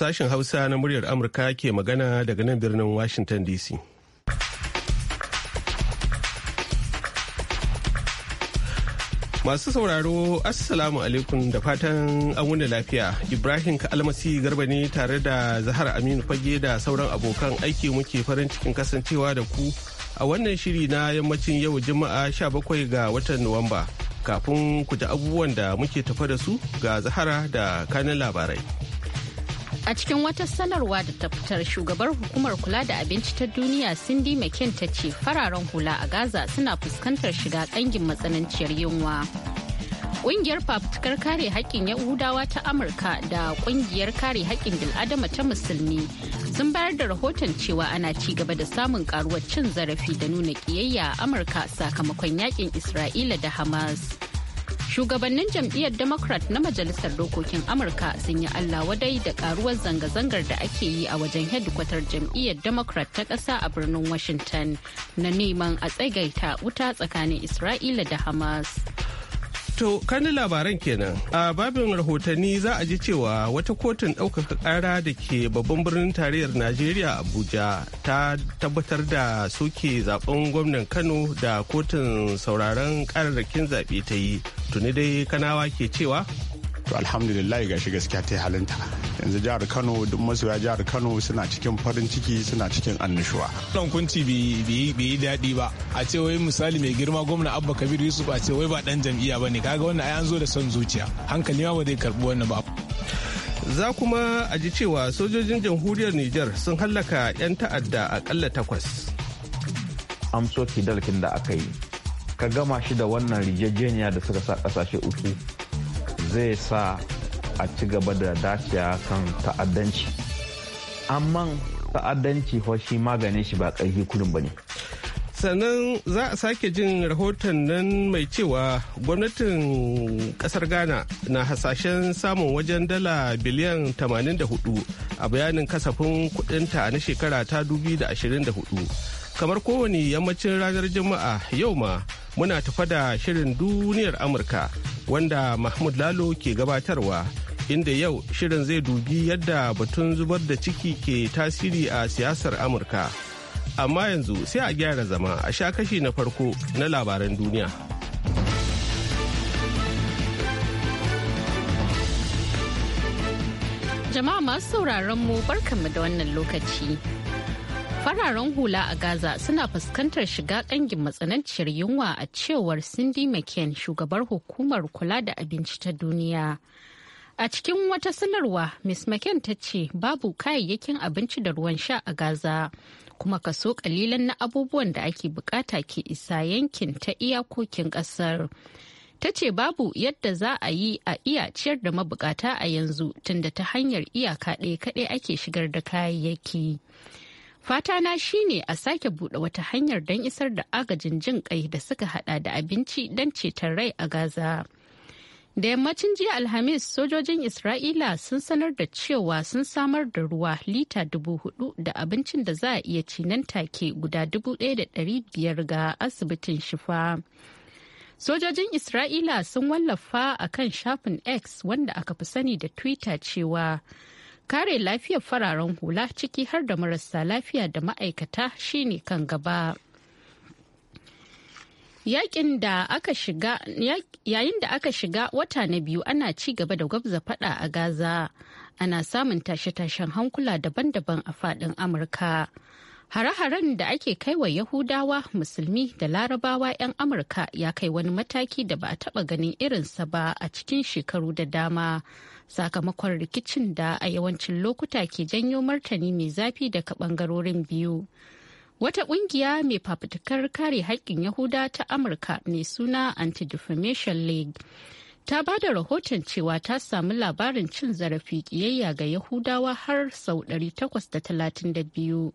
Sashen Hausa na muryar Amurka ke magana daga nan birnin Washington DC. Masu sauraro, Assalamu alaikum da fatan an wuni lafiya. Ibrahim Almasi Garba ne tare da Zahar Aminu Fage da sauran abokan aiki muke farin cikin kasancewa da ku a wannan shiri na yammacin yau Juma'a 17 ga watan Nuwamba. Kafin ku ji abubuwan da muke tafa da su ga Zahara da kanin labarai. A cikin wata sanarwa da ta fitar shugabar hukumar kula da abinci ta duniya Cindy McCain ta ce fararen hula a Gaza suna fuskantar shiga kangin matsananciyar yunwa. Ƙungiyar fafutukar kare haƙƙin Yahudawa ta Amurka da ƙungiyar kare haƙƙin bil'adama ta Musulmi sun bayar da rahoton cewa ana ci gaba da samun ƙaruwar cin zarafi da nuna ƙiyayya a Amurka sakamakon yaƙin Isra'ila da Hamas. shugabannin jam'iyyar democrat na majalisar dokokin amurka sun yi allah wadai da karuwar zanga-zangar da ake yi a wajen hedikwatar jam'iyyar democrat ta kasa a birnin washington na neman a tsagaita wuta tsakanin isra'ila da hamas To, kanin labaran kenan. A babin rahotanni za a ji cewa wata kotun ɗaukaka ƙara da ke babban birnin tarayyar Najeriya Abuja ta tabbatar da soke zaben gwamnan Kano da kotun sauraron ƙararrakin zaɓe ta yi. Tuni dai kanawa ke cewa to alhamdulillah ga shiga gaskiya ta halinta yanzu jihar kano duk masoya jihar kano suna cikin farin ciki suna cikin annishuwa wannan kunci bai yi daɗi ba a ce wai misali mai girma gwamna abba kabir yusuf a ce wai ba dan jam'iyya ba ne kaga wannan ai an zo da son zuciya hankali ma ba zai karbi wannan ba za kuma a ji cewa sojojin jamhuriyar Nijar sun hallaka 'yan ta'adda a akalla takwas amso dalkin da aka yi ka gama shi da wannan rijejeniya da suka sa kasashe uku zai sa a ci gaba da dacewa kan ta'addanci amma ta'addanci shi maganin shi ba ƙarfi kudin ba ne sannan za a sake jin rahoton nan mai cewa gwamnatin kasar ghana na hasashen samun wajen dala biliyan 84 a bayanin kasafin kudinta na shekara ta 2024 kamar kowane yammacin ranar juma'a yau ma muna tafa da shirin duniyar amurka wanda mahmud lalo ke gabatarwa inda yau shirin zai dubi yadda batun zubar da ciki ke tasiri a siyasar amurka amma yanzu sai a gyara zama a sha kashi na farko na labaran duniya jama'a masu sauraron mu barkanmu da wannan lokaci fararen hula a gaza suna fuskantar shiga kangin matsananciyar yunwa a cewar cindy mccain shugabar hukumar kula da abinci ta duniya a cikin wata sanarwa ms mccain ta ce babu kayayyakin abinci da ruwan sha a gaza kuma kaso kalilan na abubuwan da ake bukata ke isa yankin ta iyakokin kasar ta ce babu yadda za a yi a iya ciyar da mabukata a yanzu tunda ta hanyar iyaka ɗaya kaɗai ake shigar da kayayyaki fatana na shine a sake buɗe wata hanyar don isar da agajin jin kai da suka hada da abinci don ceton rai a Gaza. Da yammacin jiya Alhamis sojojin Isra'ila sun sanar da cewa sun samar da ruwa lita dubu hudu da abincin da za a iya ci nan take guda dubu ɗaya da ɗari biyar ga asibitin shifa. Sojojin Isra'ila sun wallafa a kan shafin X wanda aka fi sani da Twitter cewa kare lafiyar fararen hula ciki har da marasa lafiya da ma'aikata shine kan gaba. yayin da aka shiga wata na biyu ana ci gaba da gwabza fada a gaza ana samun tashe-tashen hankula daban-daban a fadin amurka hare-haren da ake kai wa yahudawa musulmi da larabawa 'yan amurka ya kai wani mataki da ba a taba ganin irinsa ba a cikin shekaru da dama sakamakon rikicin da a yawancin lokuta ke janyo martani mai zafi daga bangarorin biyu. Wata ƙungiya mai fafutukar kare haƙƙin Yahuda ta Amurka mai suna Anti-Defamation League ta ba da rahoton cewa ta samu labarin cin zarafi kiyayya ga yahudawa har sau 832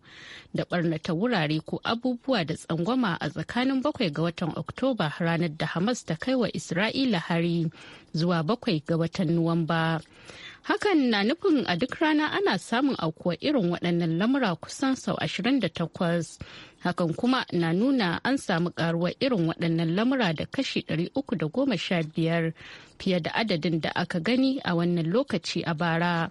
da barnata wurare ko abubuwa da tsangwama a tsakanin bakwai ga watan oktoba ranar da hamas ta kai wa isra'ila hari zuwa bakwai ga watan nuwamba Hakan na nufin a duk rana ana samun aukuwa irin waɗannan lamura kusan sau 28. Hakan kuma na nuna an samu ƙaruwa irin waɗannan lamura da kashi 315 fiye da adadin da aka gani a wannan lokaci a bara.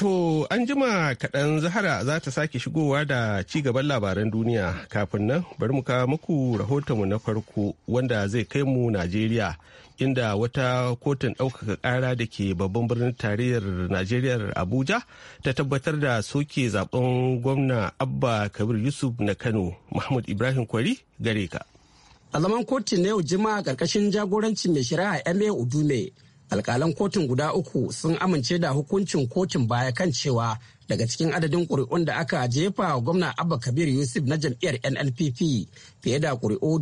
To an jima kaɗan Zahara za ta sake shigowa da ci gaban labaran duniya kafin nan bari mu kawo muku rahotonmu na farko wanda zai kai mu Najeriya inda wata kotun ɗaukaka ƙara da ke babban birnin tarayyar Najeriya Abuja ta tabbatar da soke zaben gwamna Abba Kabir Yusuf na Kano Muhammad Ibrahim Kwari gare ka. A zaman kotun na yau jima'a ƙarƙashin jagorancin mai shari'a MA Udume alkalan kotun guda uku sun amince da hukuncin kotun baya kan cewa daga cikin adadin ƙuri'un da aka jefa wa gwamna abba kabir yusuf na jam'iyyar nnpp fiye da ƙuri'u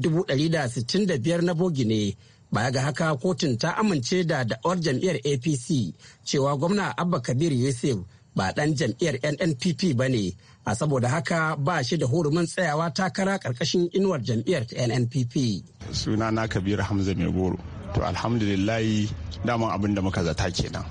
biyar na bogi ne baya ga haka kotun ta amince da da'awar jam'iyyar apc cewa gwamna abba kabir yusuf ba ɗan jam'iyyar nnpp ba ne a saboda haka ba shi da hurumin tsayawa takara ƙarƙashin inuwar jam'iyyar nnpp suna na kabir hamza mai goro to alhamdulillahi daman abin da muka zata kenan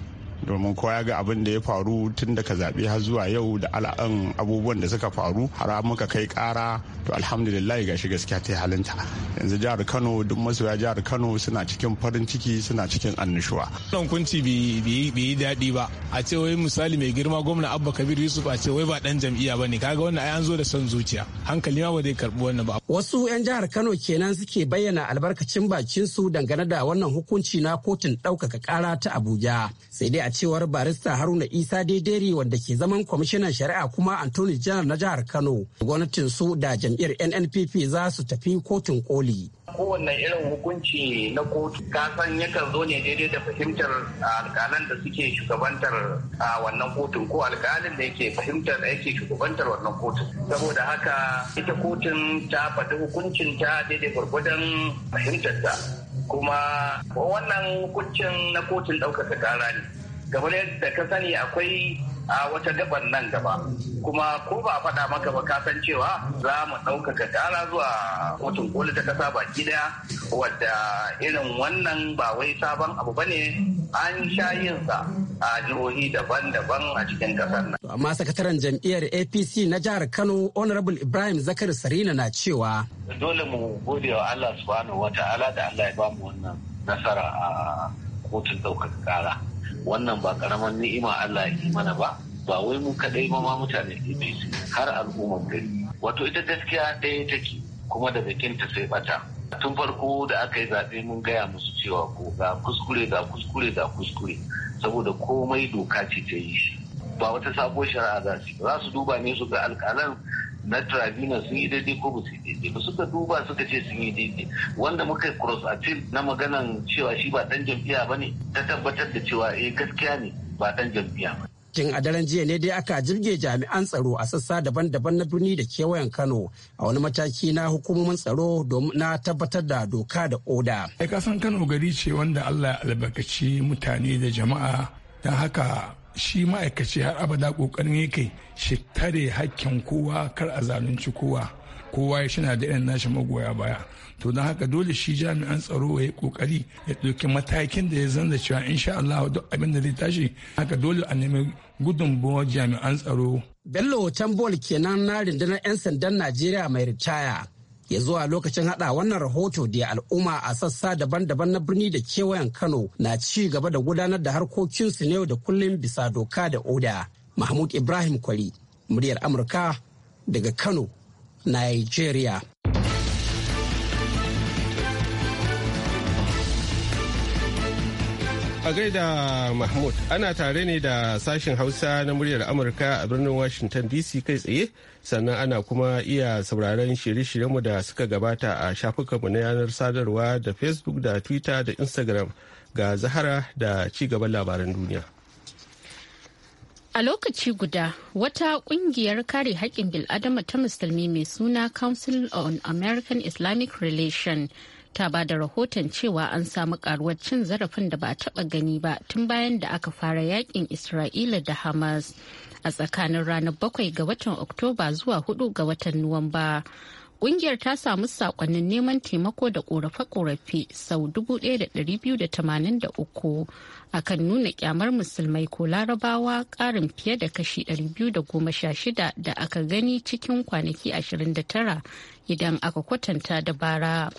domin kowa ga abin da ya faru tun daga zaɓe har zuwa yau da ala'an abubuwan da suka faru har muka kai kara to alhamdulillah ga shi gaskiya ta halinta yanzu jihar kano duk masoya jihar kano suna cikin farin ciki suna cikin annishuwa. wannan kunci bai yi daɗi ba a ce wai misali mai girma gwamna abba kabir yusuf a ce wai ba ɗan jam'iyya ba ne kaga wannan ai an zo da son zuciya hankali ma ba zai karɓi wannan ba. wasu 'yan jihar kano kenan suke bayyana albarkacin bakin su dangane da wannan hukunci na kotun ɗaukaka ƙara ta abuja sai dai a cewar barista haruna isa daidairi wanda ke zaman kwamishinan shari'a kuma antony janar na jihar kano gwamnatin su da jam'iyyar nnpp za su tafi kotun koli kowanne irin hukunci na kotu kasan yakan zo ne daidai da fahimtar ah, alkalan da suke shugabantar a ah, wannan kotun ko alkalin da yake fahimtar da yake shugabantar wannan kotun saboda haka ita kotun ta faɗi hukuncin ta daidai gwargwadon fahimtar ta kuma wannan hukuncin na kotun ɗaukaka kara ne kamar yadda ka sani akwai a wata gaban nan gaba kuma ko ba a faɗa maka ba kasan cewa za mu ɗaukaka ƙara zuwa kotun koli ta ƙasa ba gida wadda irin wannan ba wai sabon abu ba ne an sha yinsa a jihohi daban-daban a cikin ƙasar nan. amma sakataren jam'iyyar apc na jihar kano honorable ibrahim zakar sarina na cewa. dole mu gode wa allah subhanahu wa ta'ala da allah ya ba mu wannan nasara a kotun ɗaukaka ƙara. wannan ba karaman ni'ima Allah ya yi mana ba ba wai mu kadai ma mutane su, har al'umman gari wato ita gaskiya ɗaya take kuma da bikinta sai bata tun farko da aka yi zaɓe mun gaya musu cewa ko ga kuskure ga kuskure ga kuskure saboda komai doka ce ta yi shi ba wata sabuwar shari'a za su duba ne su ga alƙalan na tribunal sun yi daidai ko ba su yi daidai ba suka duba suka ce sun yi daidai wanda muka cross appeal na maganan cewa shi ba dan jam'iyya ba ne ta tabbatar da cewa eh gaskiya ne ba dan jam'iyya ba Tun a daren jiya ne dai aka jirge jami'an tsaro a sassa daban-daban na birni da kewayen Kano a wani mataki na hukumomin tsaro na tabbatar da doka da oda. Ai kasan Kano gari ce wanda Allah ya albarkaci mutane da jama'a don haka shi ma'aikaci har abada kokarin yake shi tare hakkin kowa kar a zalunci kowa kowa ya shina da irin nashi magoya baya to don haka dole shi jami'an tsaro ya yi kokari ya ɗauki matakin da ya zanda cewa insha Allah duk abin da zai tashi haka dole a nemi gudunmawar jami'an tsaro Bello Tambol kenan na rundunar 'yan sandan Najeriya mai ritaya. ya zuwa lokacin hada wannan rahoto da al'umma a sassa daban-daban na birni da kewayen kano na ci gaba da gudanar da harkokinsu na yau da kullum bisa doka da oda mahmud ibrahim kwari muryar amurka daga kano nigeria a gaida Mahmud ana tare ne da sashen Hausa na muryar Amurka a birnin Washington DC kai tsaye sannan ana kuma iya sauraron shirye-shiryenmu da suka gabata a shafukanmu na yanar sadarwa da Facebook da Twitter da Instagram ga Zahara da ci gaban labaran duniya. A lokaci guda, wata kungiyar kare haƙƙin bil'adama ta musulmi mai suna Council on American Islamic Relations ta ba da rahoton cewa an samu karuwar cin zarafin da ba taɓa gani ba tun bayan da aka fara yakin isra'ila da hamas a tsakanin ranar bakwai ga watan oktoba zuwa hudu ga watan nuwamba kungiyar ta samu sakonnin neman taimako da korafe-korafe sau 1,283 kan nuna kyamar musulmai ko larabawa karin fiye da kashi 216 da aka gani cikin kwanaki 29 idan aka kwatanta da bara.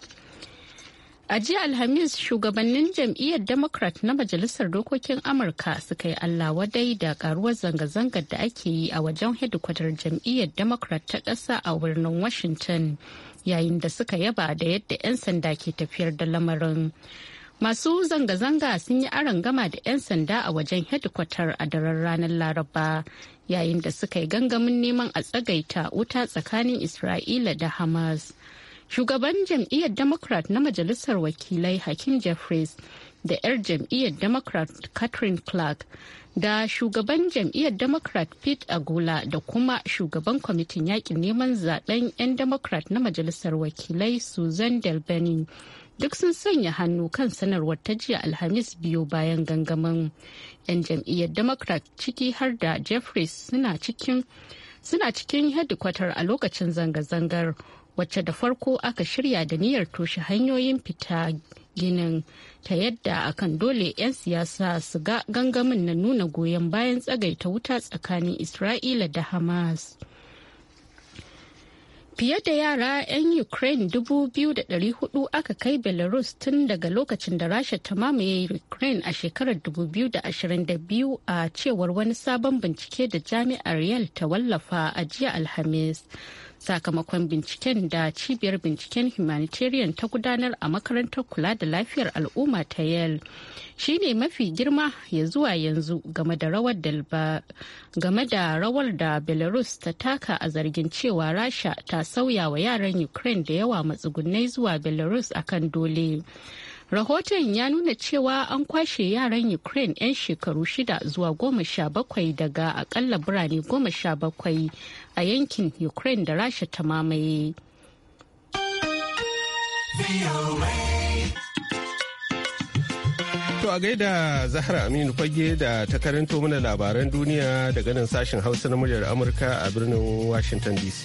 A jiya Alhamis shugabannin jam'iyyar Democrat na Majalisar Dokokin Amurka suka yi Allah wadai da karuwar zanga-zangar da ake yi a wajen hedikwatar jam'iyyar Democrat ta ƙasa a birnin Washington yayin da suka yaba da yadda 'yan sanda ke tafiyar da lamarin. Masu zanga-zanga sun yi aron gama da 'yan sanda a wajen hedikwatar a daren ranar Laraba yayin da suka yi gangamin neman a tsagaita wuta tsakanin Isra'ila da Hamas. shugaban jam'iyyar democrat na majalisar wakilai hakim jeffries da 'yar jam'iyyar democrat catherine clark da shugaban jam'iyyar democrat pete agula da kuma shugaban kwamitin yakin neman zaben 'yan democrat na majalisar wakilai susan delbeni duk sun sanya hannu kan sanarwar ta jiya alhamis biyu bayan gangamin 'yan jam'iyyar democrat ciki har da jeffries suna cikin suna cikin hedikwatar a lokacin zanga-zangar wacce da farko aka shirya da niyyar toshe hanyoyin fita ginin ta yadda akan dole 'yan siyasa su ga gangamin na nuna goyon bayan tsagaita wuta tsakanin isra'ila da hamas fiye da yara 'yan ukraine 2,400 aka kai belarus tun daga lokacin da rasha ta mamaye ukraine a shekarar 2022 a cewar wani sabon bincike da jami'ar yal ta wallafa a jiya alhamis sakamakon binciken da cibiyar binciken humanitarian ta gudanar a makarantar kula da lafiyar al'umma ta yale ne mafi girma ya zuwa yanzu game da rawar da belarus ta taka a zargin cewa rasha ta sauya wa yaran ukraine da yawa matsugunai zuwa belarus akan dole Rahoton ya nuna cewa an kwashe yaran Ukraine 'yan shekaru shida zuwa goma sha bakwai daga akalla birane goma sha bakwai a yankin Ukraine da Rasha ta mamaye. To a gaida Zahra Aminu fage da ta karanto mana labaran duniya daga nan sashen Hausa na muryar Amurka a birnin Washington DC.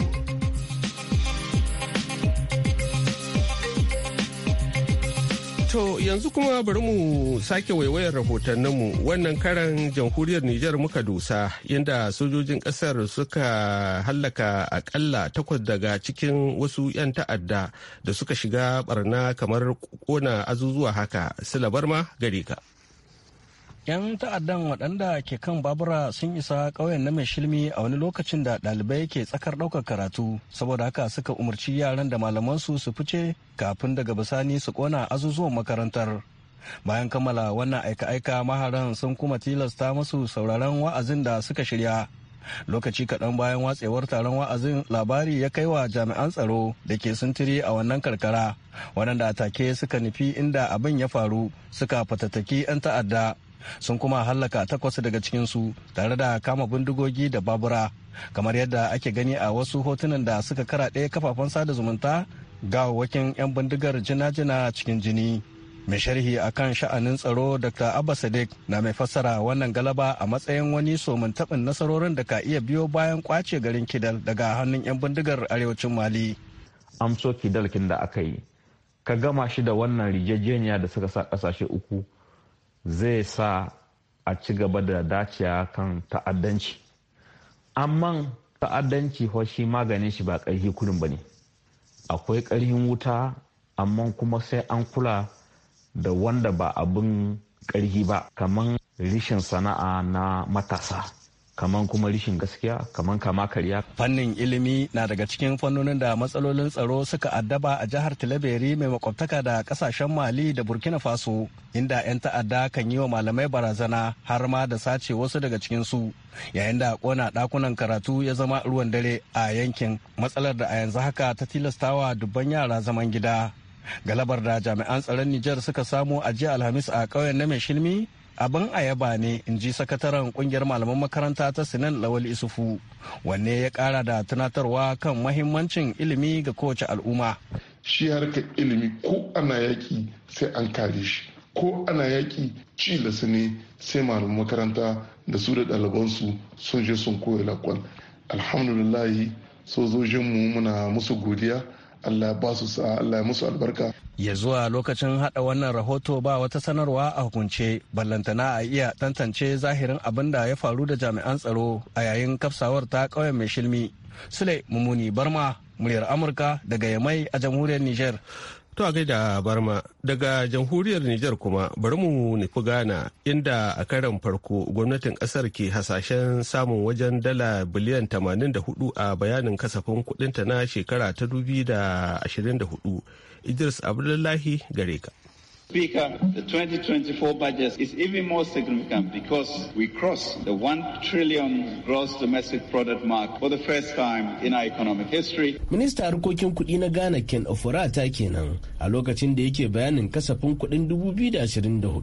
To yanzu kuma bari mu sake waiwayar rahotanninmu wannan karan jamhuriyar Nijar muka dusa inda sojojin kasar suka hallaka akalla takwas daga cikin wasu 'yan ta'adda da suka shiga barna kamar kona azuzuwa haka. Silabar ma gare ka. 'yan ta'addan waɗanda ke kan babura sun isa ƙauyen na mai shilmi a wani lokacin da ɗalibai ke tsakar ɗaukar karatu saboda haka suka umarci yaran da malamansu su fice kafin daga bisani su ƙona azuzuwan makarantar bayan kammala wannan aika-aika maharan sun kuma tilasta masu sauraron wa'azin da suka shirya lokaci kaɗan bayan watsewar taron wa'azin labari ya kai wa jami'an tsaro da ke sintiri a wannan karkara waɗanda take suka nufi inda abin ya faru suka fatattaki 'yan ta'adda sun kuma hallaka takwas daga cikinsu tare da kama bindigogi da babura kamar yadda ake gani a wasu hotunan da suka kara ɗaya kafafen sada zumunta wakin 'yan bindigar jina-jina cikin jini mai sharhi akan sha'anin tsaro dr abba sadiq na mai fassara wannan galaba a matsayin wani somin taɓin nasarorin da ka iya biyo bayan kwace garin kidal daga hannun 'yan bindigar arewacin mali amso kidal kin da aka yi ka gama shi da wannan rijejeniya da suka sa kasashe uku zai sa a ci gaba da dacewa kan ta'addanci amma ta'addanci shi maganin shi ba ƙarfi kudin ba ne akwai ƙarfin wuta amma kuma sai an kula da wanda ba abin ƙarfi ba kamar rishin sana'a na matasa kaman kuma rishin gaskiya kaman kama karya. Fannin ilimi na daga cikin fannonin da matsalolin tsaro suka addaba a jihar Tilaberi mai makwabtaka da kasashen Mali da Burkina Faso inda 'yan ta'adda kan yi wa malamai barazana har ma da sace wasu daga cikinsu yayin da kona dakunan karatu ya zama ruwan dare a yankin matsalar da a yanzu haka ta tilastawa dubban yara zaman gida. Galabar da jami'an tsaron Nijar suka samu a jiya Alhamis a ƙauyen na mai shilmi abin ayaba ne in ji sakataren kungiyar malaman makaranta ta sinan lawal isufu wanne ya kara da tunatarwa kan mahimmancin ilimi ga kowace al'umma shi harkar ilimi ko ana yaki sai an kare shi ko ana yaki ci ne sai malaman makaranta da su da ɗalibansu sun je sun koya lakwal alhamdulillahi sojojinmu muna musu godiya allah ya ba su sa'a allah ya musu albarka ya zuwa lokacin hada wannan rahoto ba wata sanarwa a hukunce ballantana a iya tantance zahirin abin da ya faru da jami'an tsaro a yayin kafsawar ta ƙauyen mai shilmi sule mumuni barma muryar amurka daga yamai a jamhuriyar niger To a gaida Barma daga jamhuriyar Nijar kuma bari mu nufi Ghana inda a karan farko gwamnatin kasar ke hasashen samun wajen dala biliyan 84 a bayanin kasafin kudinta na shekara ta 2024. Idris Abdullahi gare ka. Speaker, the 2024 budget is even more significant because we cross the 1 trillion gross domestic product mark for the first time in our economic history. Minista harkokin kuɗi na Ghana Ken ofurata kenan a lokacin da yake bayanin kasafin kuɗin 2024.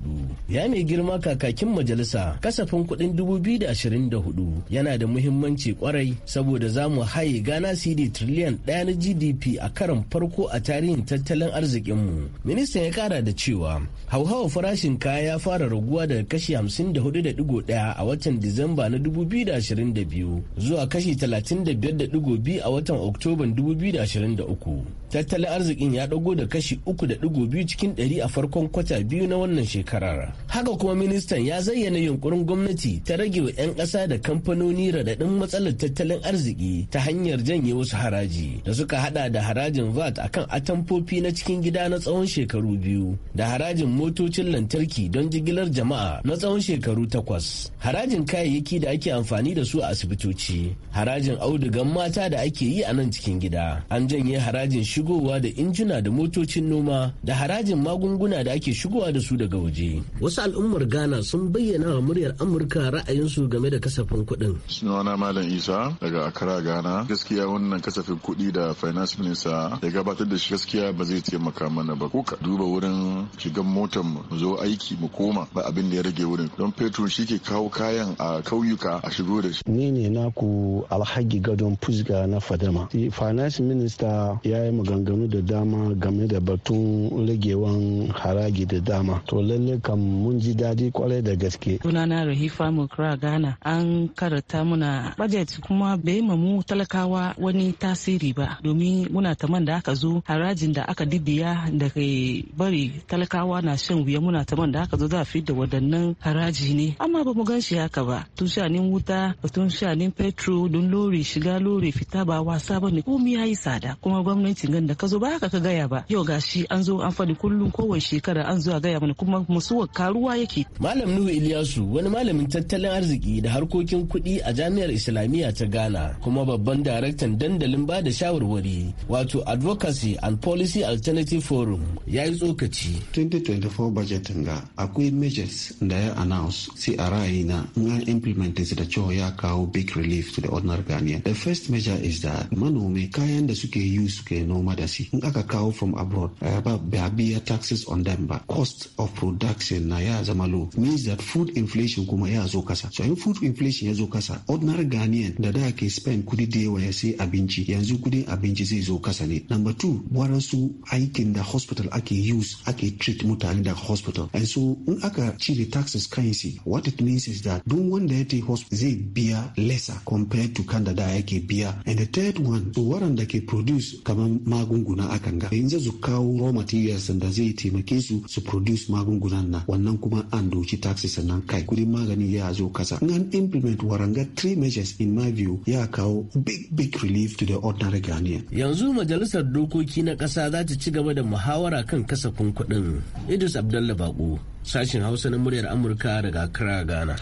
Ya mai girma kakakin majalisa kasafin kuɗin 2024 yana da muhimmanci kwarai saboda za mu haye Ghana CD triliyan ɗaya na GDP a karon farko a tarihin tattalin arzikinmu. Ministan ya kara da cewa cewa hauhawar farashin kaya ya fara raguwa daga kashi 54.1 a watan Disamba na 2022 zuwa kashi 35.2 a watan Oktoban 2023. tattalin arzikin ya dago da kashi uku da digo biyu cikin ɗari a farkon kwata biyu na wannan shekarar haka kuma ministan ya zayyana yunkurin gwamnati ta rage wa 'yan ƙasa da kamfanoni raɗaɗin matsalar tattalin arziki ta hanyar janye wasu haraji da suka hada da harajin vat akan atamfofi na cikin gida na tsawon shekaru biyu da harajin motocin lantarki don jigilar jama'a na tsawon shekaru takwas harajin kayayyaki da ake amfani da su a asibitoci harajin audugan mata da ake yi a nan cikin gida an janye harajin shigowa da injina da motocin noma da harajin magunguna da ake shigowa da su daga waje. Wasu al'ummar Ghana sun bayyana wa muryar Amurka ra'ayinsu game da kasafin kuɗin. Sunana Malam Isa daga Accra Ghana gaskiya wannan kasafin kuɗi da finance minister ya gabatar da shi gaskiya ba zai taimaka mana ba. ka duba wurin shigan motar mu zo aiki mu koma ba abin da ya rage wurin don fetur shi ke kawo kayan a kauyuka a shigo da shi. Ni ne naku Alhaji Gadon Fusga na Fadama. Finance minister ya yi maganganu da dama game da batun ragewan haragi da dama to lalle kam mun ji daɗi kwarai da gaske sunana rahifa mukra gana. an karata muna budget kuma bai mu talakawa wani tasiri ba domin muna taman da aka zo harajin da aka dibiya da ke bari talakawa na shan wuya muna taman da aka zo za a da wadannan haraji ne amma ba mu gan shi haka ba tun shanin wuta batun shanin petro don lori shiga lori fita ba wasa ba ne komi ya yi tsada kuma gwamnati nan da ka zo ba haka ka gaya ba yau gashi an zo an faɗi kullum kowace shekara an zuwa gaya mana kuma musuwar karuwa yake malam nuhu iliyasu wani malamin tattalin arziki da harkokin kuɗi a jami'ar islamiyya ta ghana kuma babban daraktan dandalin ba da shawarwari wato advocacy and policy alternative forum ya yi tsokaci 2024 budget ga akwai measures da ya announce sai a ra'ayina in an implement da cewa ya kawo big relief to the ordinary ghanaian the first measure is that manomi kayan da suke yi suke noma damuwa da in aka kawo from abroad eh, ba ba biya taxes on them ba cost of production na ya zama low means that food inflation kuma ya zo kasa so in food inflation ya zo kasa ordinary Ghanaian da da ke spend kudi da yawa ya sai abinci yanzu kudin abinci zai zo kasa ne number two waransu aikin da hospital ake use ake treat mutane da hospital and so in aka cire taxes currency what it means is that duk wanda ya tai hospital zai biya lesser compared to kanda da yake biya and the third one so waran da ke produce kamar magunguna a akan ga yanzu su kawo raw materials da zai taimake su su produce magungunan nan wannan kuma an doki taxes nan kai kudin magani ya zo kasa in an implement waranga three measures in my view ya kawo big big relief to the ordinary Ghanaian yanzu majalisar dokoki na kasa za ta ci gaba da muhawara kan kasafin kuɗin Idris abdullahi Bako sashin Hausa na muryar Amurka daga Accra Ghana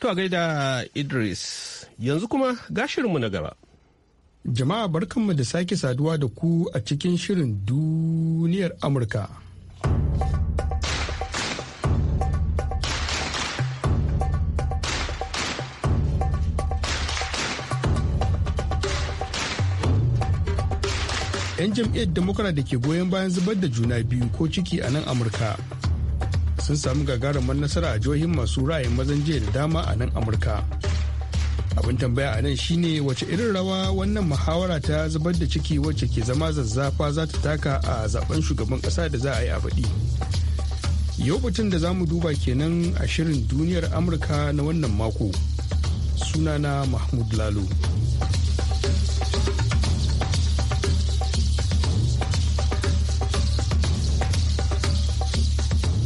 to a gaida Idris yanzu kuma gashirinmu na gaba Jama'a barkanmu da sake saduwa da ku a cikin shirin duniyar Amurka. ‘Yan jam'iyyar Demokura da ke goyon bayan zubar da juna biyu ko ciki a nan Amurka sun samu gagarumar nasara a jihohin masu ra'ayin mazan jiya da dama a nan Amurka. abin tambaya a nan shine wace irin rawa wannan muhawara ta zubar da ciki wacce ke zama zazzafa za ta taka a zaben shugaban kasa da za a yi a faɗi yau batun da za mu duba kenan a shirin duniyar amurka na wannan mako sunana mahmud lalo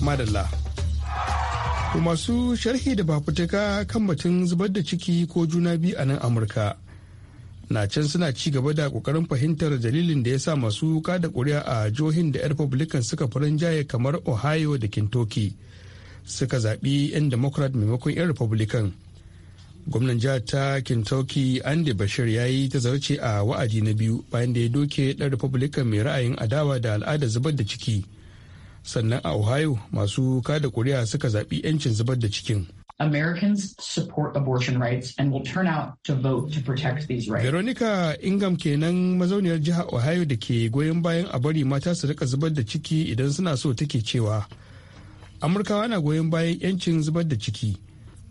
madalla ku masu sharhi da fafutuka kan batun zubar da ciki ko juna biyu a nan amurka na can suna ci gaba da kokarin fahimtar dalilin da ya sa masu da kuri'a a jihohin da 'yar republican suka farin jaye kamar ohio da kentucky suka zaɓi 'yan democrat maimakon 'yan republican gwamnan jihar ta kentucky andy bashir ya yi ta zarce a wa'adi na biyu bayan da ya doke ɗan republican mai ra'ayin adawa da al'ada zubar da ciki sannan a ohio masu kada kuri'a suka zaɓi 'yancin zubar da cikin Americans support abortion rights and will turn out to vote to protect these rights. Veronica Ingham kenan mazauniyar jihar Ohio da ke goyon bayan a bari mata su rika zubar da ciki idan suna so take cewa Amurkawa na goyon bayan 'yancin zubar da ciki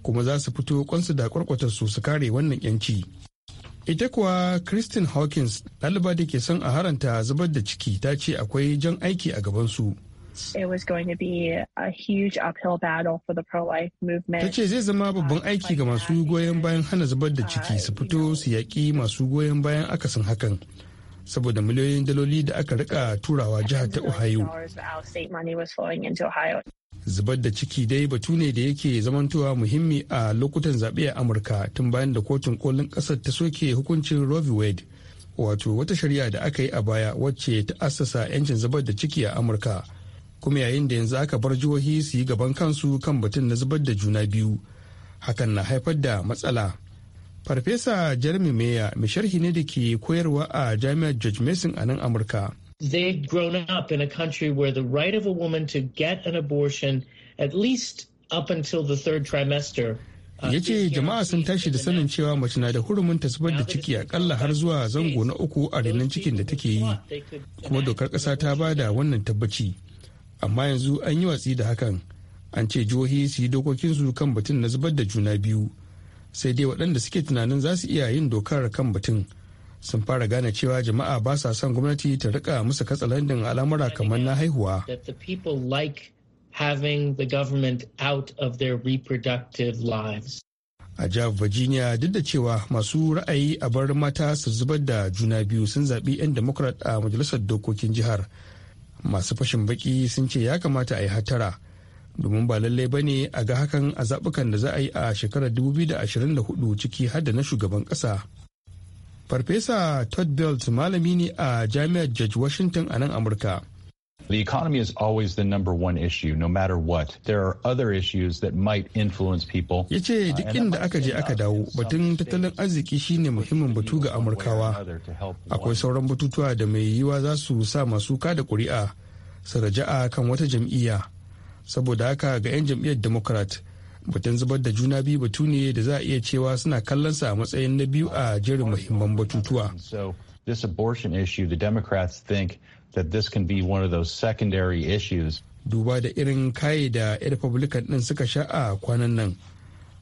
kuma za su fito kwansu da kwarkwatar su su kare wannan 'yanci. Ita kuwa Christine Hawkins ɗaliba da ke son a haranta zubar da ciki ta ce akwai jan aiki a gabansu. su. it was be a huge uphill battle for the pro Tace zai zama uh, babban aiki ga masu goyon bayan hana zubar da uh, ciki su fito su yaƙi masu goyon bayan akasin hakan. Saboda miliyoyin daloli da aka rika turawa jihar ta Ohio. Zubar da ciki dai batu ne da yake zamantowa muhimmi a lokutan zaɓe a Amurka tun bayan da kotun kolin ƙasar ta soke hukuncin Roe v. Wade. Wato wata shari'a da aka yi a baya wacce ta assasa 'yancin zubar da ciki a Amurka. kuma yayin da yanzu aka bar jihohi su yi gaban kansu kan batun na zubar da juna biyu hakan na haifar da matsala farfesa jeremy meya mai sharhi ne da ke koyarwa a jami'ar george mason a nan amurka they've grown up in a country where the right of a woman to get an abortion at least up until the third trimester uh, ya ce jama'a sun tashi da sanin cewa mace na da hurumin ta zubar da ciki akalla har zuwa zango na uku a renon cikin da take yi kuma dokar kasa ta bada wannan tabbaci amma yanzu an yi watsi da hakan an ce jihohi su yi dokokinsu kan batun na zubar da juna biyu sai dai waɗanda suke tunanin za su iya yin dokar kan batun sun fara gane cewa jama'a ba sa son gwamnati ta rika musu katsalandin al'amura kamar na haihuwa a jihar virginia duk da cewa masu ra'ayi a bar mata su zubar da juna biyu sun zaɓi 'yan democrat a majalisar dokokin jihar masu fashin baki sun ce ya kamata a yi hatara domin ba lallai ba ne a ga hakan a zaɓukan da za a yi a shekarar 2024 ciki har da na shugaban ƙasa. Farfesa Todd Belt malami ne a Jami'ar George Washington a nan Amurka. The economy is always the number one issue, no matter what. There are other issues that might influence people. Ya ce uh, duk inda aka je aka dawo, batun tattalin arziki shine muhimmin batu ga Amurkawa. Akwai sauran batutuwa da mai yiwuwa za su sa masu kada ƙuri'a su raja'a kan wata jam'iyya. Saboda haka ga 'yan jam'iyyar Democrat, batun zubar da juna biyu batu ne da za a iya cewa suna kallon sa a matsayin na biyu a jerin muhimman batutuwa. This abortion issue, the Democrats think that this can be one of those secondary issues. Duba da irin kayi da 'yan Republican ɗin suka sha a kwanan nan.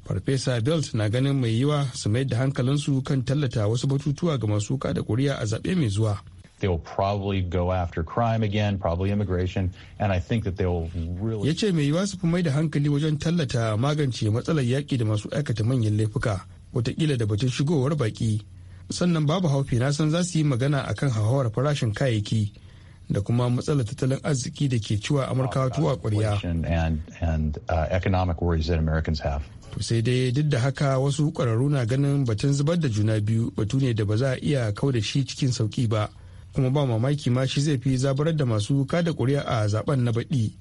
Farfesa Belt na ganin mai yiwa su mayar da hankalinsu kan tallata wasu batutuwa ga masu kada kuri'a a zaɓe mai zuwa. They'll probably go after crime again, probably immigration, and I think that they'll really. Ya ce mai yiwa su fi mai da hankali wajen tallata magance matsalar yaƙi da masu aikata manyan laifuka, wataƙila da batun shigowar baƙi. Sannan babu haufi na san za su yi magana akan hauhawar farashin kayayyaki. da kuma matsalar tattalin arziki da ke ciwa amurka tuwa ƙwarya. Uh, to sai dai duk da haka wasu ƙwararru na ganin batun zubar da juna biyu batu ne da ba za a iya kau da shi cikin sauki ba kuma ba mamaki ma shi zai fi zabarar da masu kada kuri'a a zaben na baɗi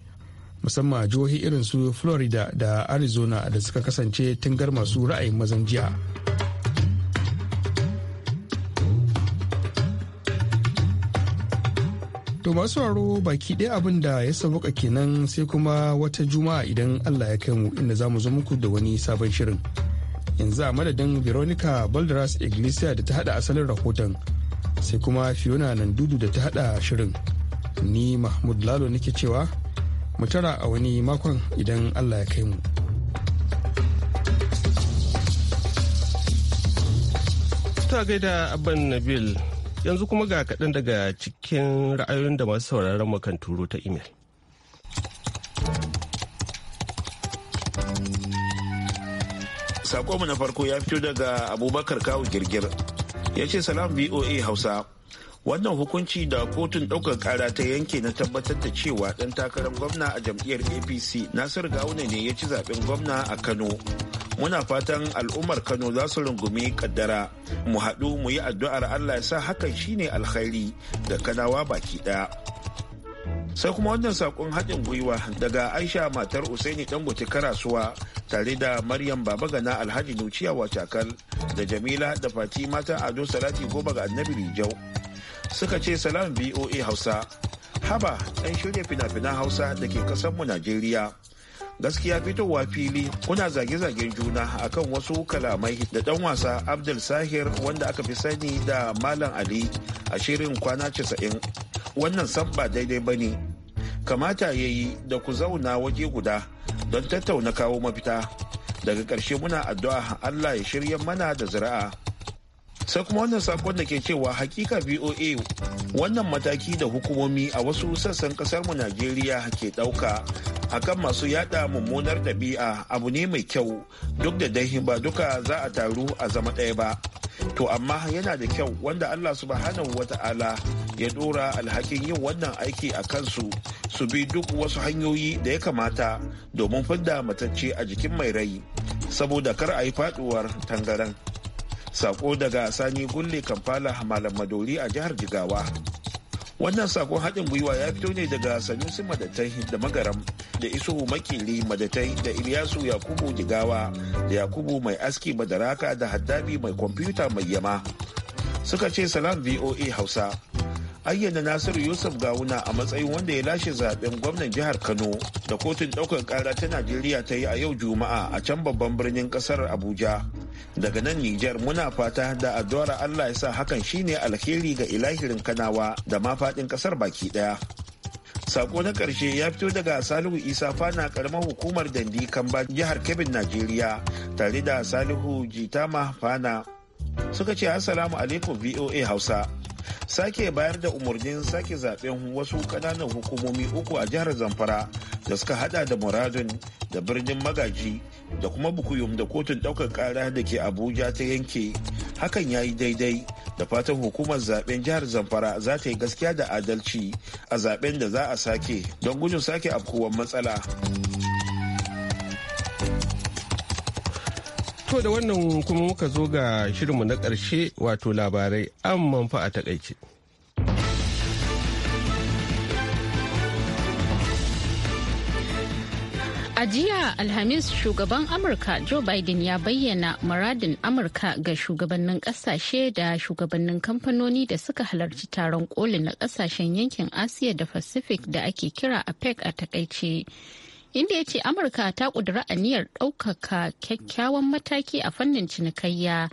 musamman jihohi irin su Florida da Arizona da suka kasance tungar masu ra'ayin mazan jiya. To masu sauraro baki ɗaya abin da ya sauka kenan sai kuma wata juma'a idan Allah ya kai mu inda za mu zo muku da wani sabon shirin. Yanzu a madadin Veronica Balderas Iglesia da ta haɗa asalin rahoton sai kuma Fiona Nandudu da ta haɗa shirin. Ni Mahmud Lalo nake cewa mu tara a wani makon idan Allah ya kai mu. Ta gaida Abban Nabil Yanzu kuma ga kaɗan daga cikin ra'ayoyin da masu sauraron makan turo ta imel. Sakonmu na farko ya fito daga Abubakar Kawu Girgir. Ya ce salam VOA Hausa. wannan hukunci da kotun ɗaukar kara ta yanke na tabbatar da cewa ɗan takarar gwamna a jam'iyyar apc nasir gawuna ne ya ci zaben gwamna a kano muna fatan al'ummar kano za su rungumi kaddara mu haɗu mu yi addu'ar allah ya sa hakan shine alkhairi da kanawa baki ɗaya sai kuma wannan saƙon haɗin gwiwa daga aisha matar usaini dangote karasuwa tare da maryam gana alhaji nuciya wacakal da jamila da fati mata ado salati goba ga annabi rijau suka ce salam voa hausa haba ɗan shirya fina-finan hausa da ke mu najeriya gaskiya fitowa fili kuna zage-zagen juna akan wasu kalamai da ɗan wasa abdul sahir wanda aka fi sani da malam ali a shirin kwana 90 wannan san ba daidai ba ne kamata ya yi da ku zauna waje guda don tattauna kawo mafita daga ƙarshe muna addu'a allah ya shirya mana da zira'a sai kuma wannan sakon da ke cewa hakika voa wannan mataki da hukumomi a wasu sassan mu najeriya ke ɗauka akan masu yada mummunar dabi'a abu ne mai kyau duk da dai ba duka za a taru a zama ɗaya ba to amma yana da kyau wanda allah su subhanahu wata'ala ya dora alhakin yin wannan aiki a kansu su bi duk wasu hanyoyi da ya kamata domin fidda matacce a jikin mai rai saboda kar a yi faduwar tangaran Sako daga Sani Gulle Kamfala Malam Madori a jihar Jigawa. Wannan sakon haɗin gwiwa ya fito ne daga Sanusi Madatai da Magaram da iso Makili Madatai da iliyasu Yakubu Jigawa da Yakubu Mai Aski Madaraka da Haddabi Mai Kwamfuta Mai Yama. Suka ce salam VOA Hausa. ayyana nasiru yusuf gawuna a matsayin wanda ya lashe zaben gwamnan jihar kano da kotun ɗaukar ƙara ta najeriya ta yi a yau juma'a a can babban birnin ƙasar abuja daga nan Nijar muna fata da addu'ar Allah ya sa hakan shine alheri ga ilahirin kanawa da ma faɗin ƙasar baki ɗaya. Sako na ƙarshe ya fito daga Salihu Isa Fana ƙaramar hukumar Dandi Kamba jihar Kebbi Najeriya tare da Salihu Jitama Fana suka ce Assalamu alaikum VOA Hausa. sake bayar da umarnin sake zaben wasu kananan hukumomi uku a jihar zamfara da suka hada da muradun da birnin magaji da kuma bukuyum da kotun daukar kara da ke abuja ta yanke hakan ya yi daidai da fatan hukumar zaben jihar zamfara za ta yi gaskiya da adalci a zaben da za a sake don gudun sake afkuwar matsala. To da wannan kuma muka zo ga shirinmu na ƙarshe wato labarai an fa a takaice. A jiya Alhamis shugaban Amurka Joe Biden ya bayyana muradin Amurka ga shugabannin kasashe da shugabannin kamfanoni da suka halarci taron koli na kasashen yankin Asiya da Pacific da ake kira APEC a e takaice. inda ya ce amurka ta a aniyar ɗaukaka kyakkyawan mataki a fannin cinikayya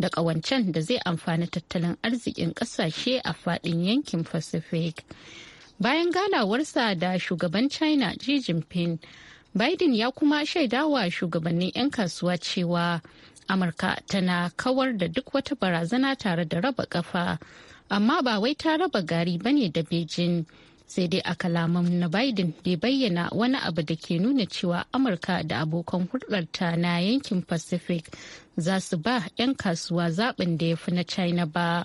da ƙawancen da zai amfani tattalin arzikin ƙasashe a faɗin yankin pacific bayan ganawarsa da shugaban china xi jinping biden ya kuma shaidawa shugabannin 'yan kasuwa cewa amurka tana kawar da duk wata barazana tare da raba kafa amma ba wai ta raba gari bane da beijing sai dai a kalaman na biden bai bayyana wani abu da ke nuna cewa amurka da abokan hulɗarta na yankin pacific za su ba 'yan kasuwa zaɓin da ya fi na china ba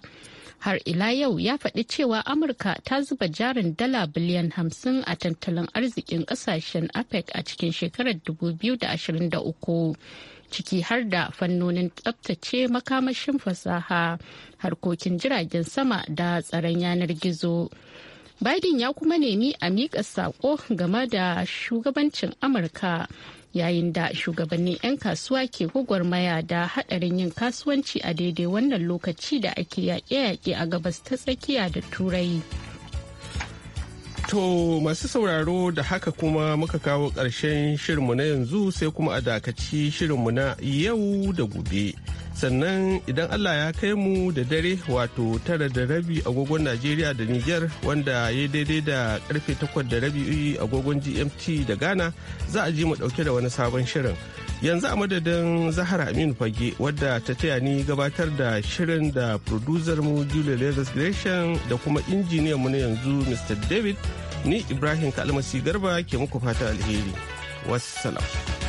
har ila yau ya faɗi cewa amurka ta zuba jarin dala biliyan 50 a tattalin arzikin ƙasashen apec a cikin shekarar 2023 ciki har da fannonin tsabtace makamashin fasaha harkokin jiragen sama da tsaron yanar gizo Biden ya kuma nemi a miƙa saƙo game da shugabancin Amurka yayin da shugabannin 'yan kasuwa ke gwagwarmaya da haɗarin yin kasuwanci a daidai wannan lokaci da ake yaƙe-yaƙe a gabas ta tsakiya da turai. To masu sauraro da haka kuma muka kawo ƙarshen shirinmu na yanzu sai kuma a dakaci shirinmu na yau da gobe. sannan idan allah ya kai mu da dare wato tara da rabi agogon najeriya da niger wanda ya daidai da karfe takwas da rabi agogon gmt da ghana za a ji mu dauke da wani sabon shirin yanzu a madadin zahara aminu fage wadda ta taya ni gabatar da shirin da producer mu julia lewis da kuma injiniyan mu na yanzu mr david ni ibrahim kalmasi garba ke muku fata alheri wassalam